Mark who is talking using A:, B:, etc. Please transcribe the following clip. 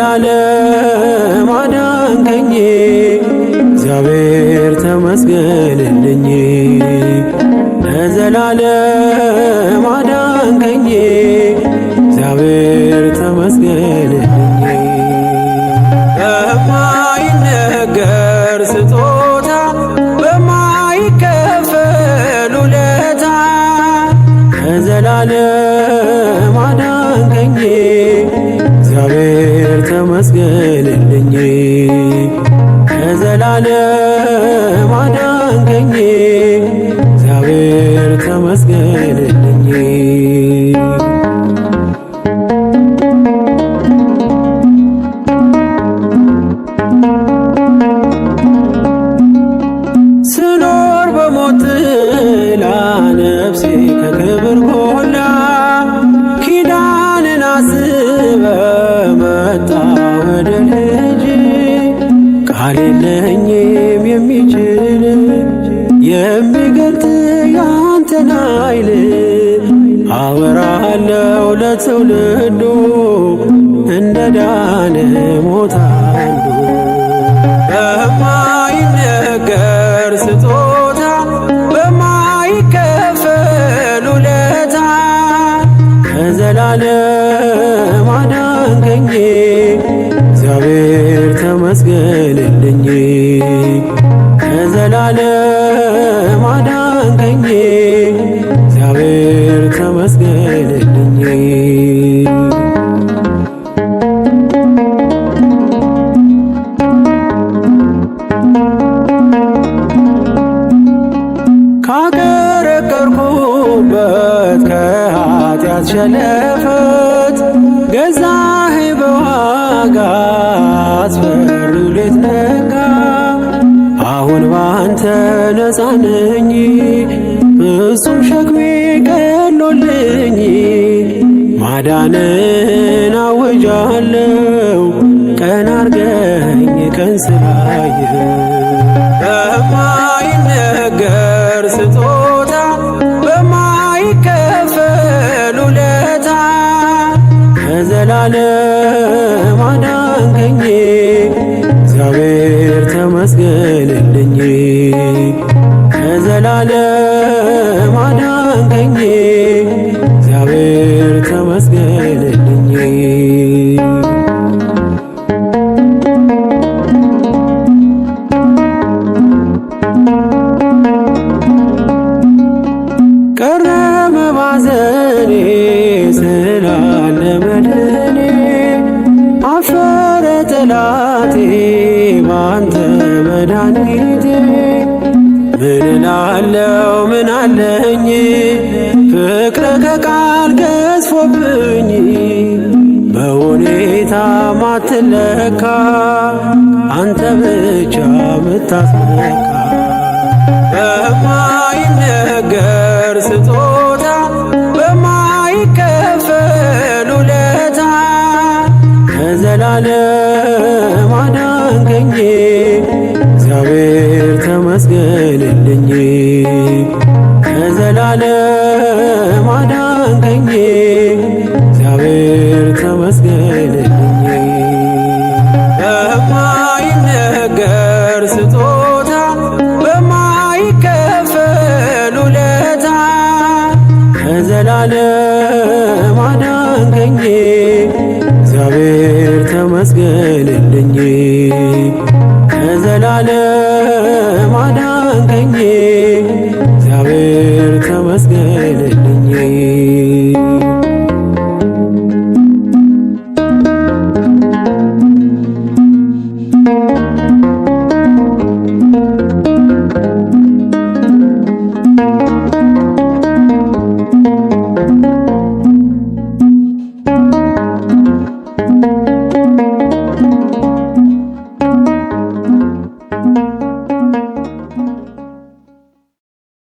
A: ለዘላለም አዳንከኝ እግዚአብሔር ተመስገንልኝ ለዘላለም አዳንከኝ እግዚአብሔር ተመስገንልኝ ይመስገንልኝ ከዘላለም አልለኝም የሚችል የሚገልጥ ያንተን ኃይል አወራለው ለትውልዱ እንደ ዳነ ሞታሉ መስገልልኝ ከዘላለም አዳንከኝ እግዚአብሔር ተመስገልልኝ። ካቀረቀርኩበት ከኃጢአት ሸለፈ አስፈሩ ሌት አሁን ባንተ ነፃ ነኝ፣ ፍጹም ሸክሜ ቀሎልኝ። ማዳንን አወጃለው ቀን አርገኝ ቀን ስራይ በማይነገር ስጦታ በማይከፈል ውለታ ከዘላለም መስገልልኝ ከዘላለም አዳንከኝ እግዚአብሔር ተመስገልልኝ። ቀረበ ባዘኔ ስላለ መድኔ አፈረ ጠላቴ መድኃኒቴ ምን እላለሁ ምን አለኝ ፍቅረ ከቃል ገዝፎብኝ በሁኔታ ማትለካ አንተ ብቻ ምታስመካ በማይነገር ስጦታ በማይከፈል ውለታ ከዘላለም ስለማዳንከኝ እግዚአብሔር ተመስገንልኝ። በማይነገር ስጦታ በማይከፈል ውለታ ከዘላለም ማዳንከኝ እግዚአብሔር ተመስገን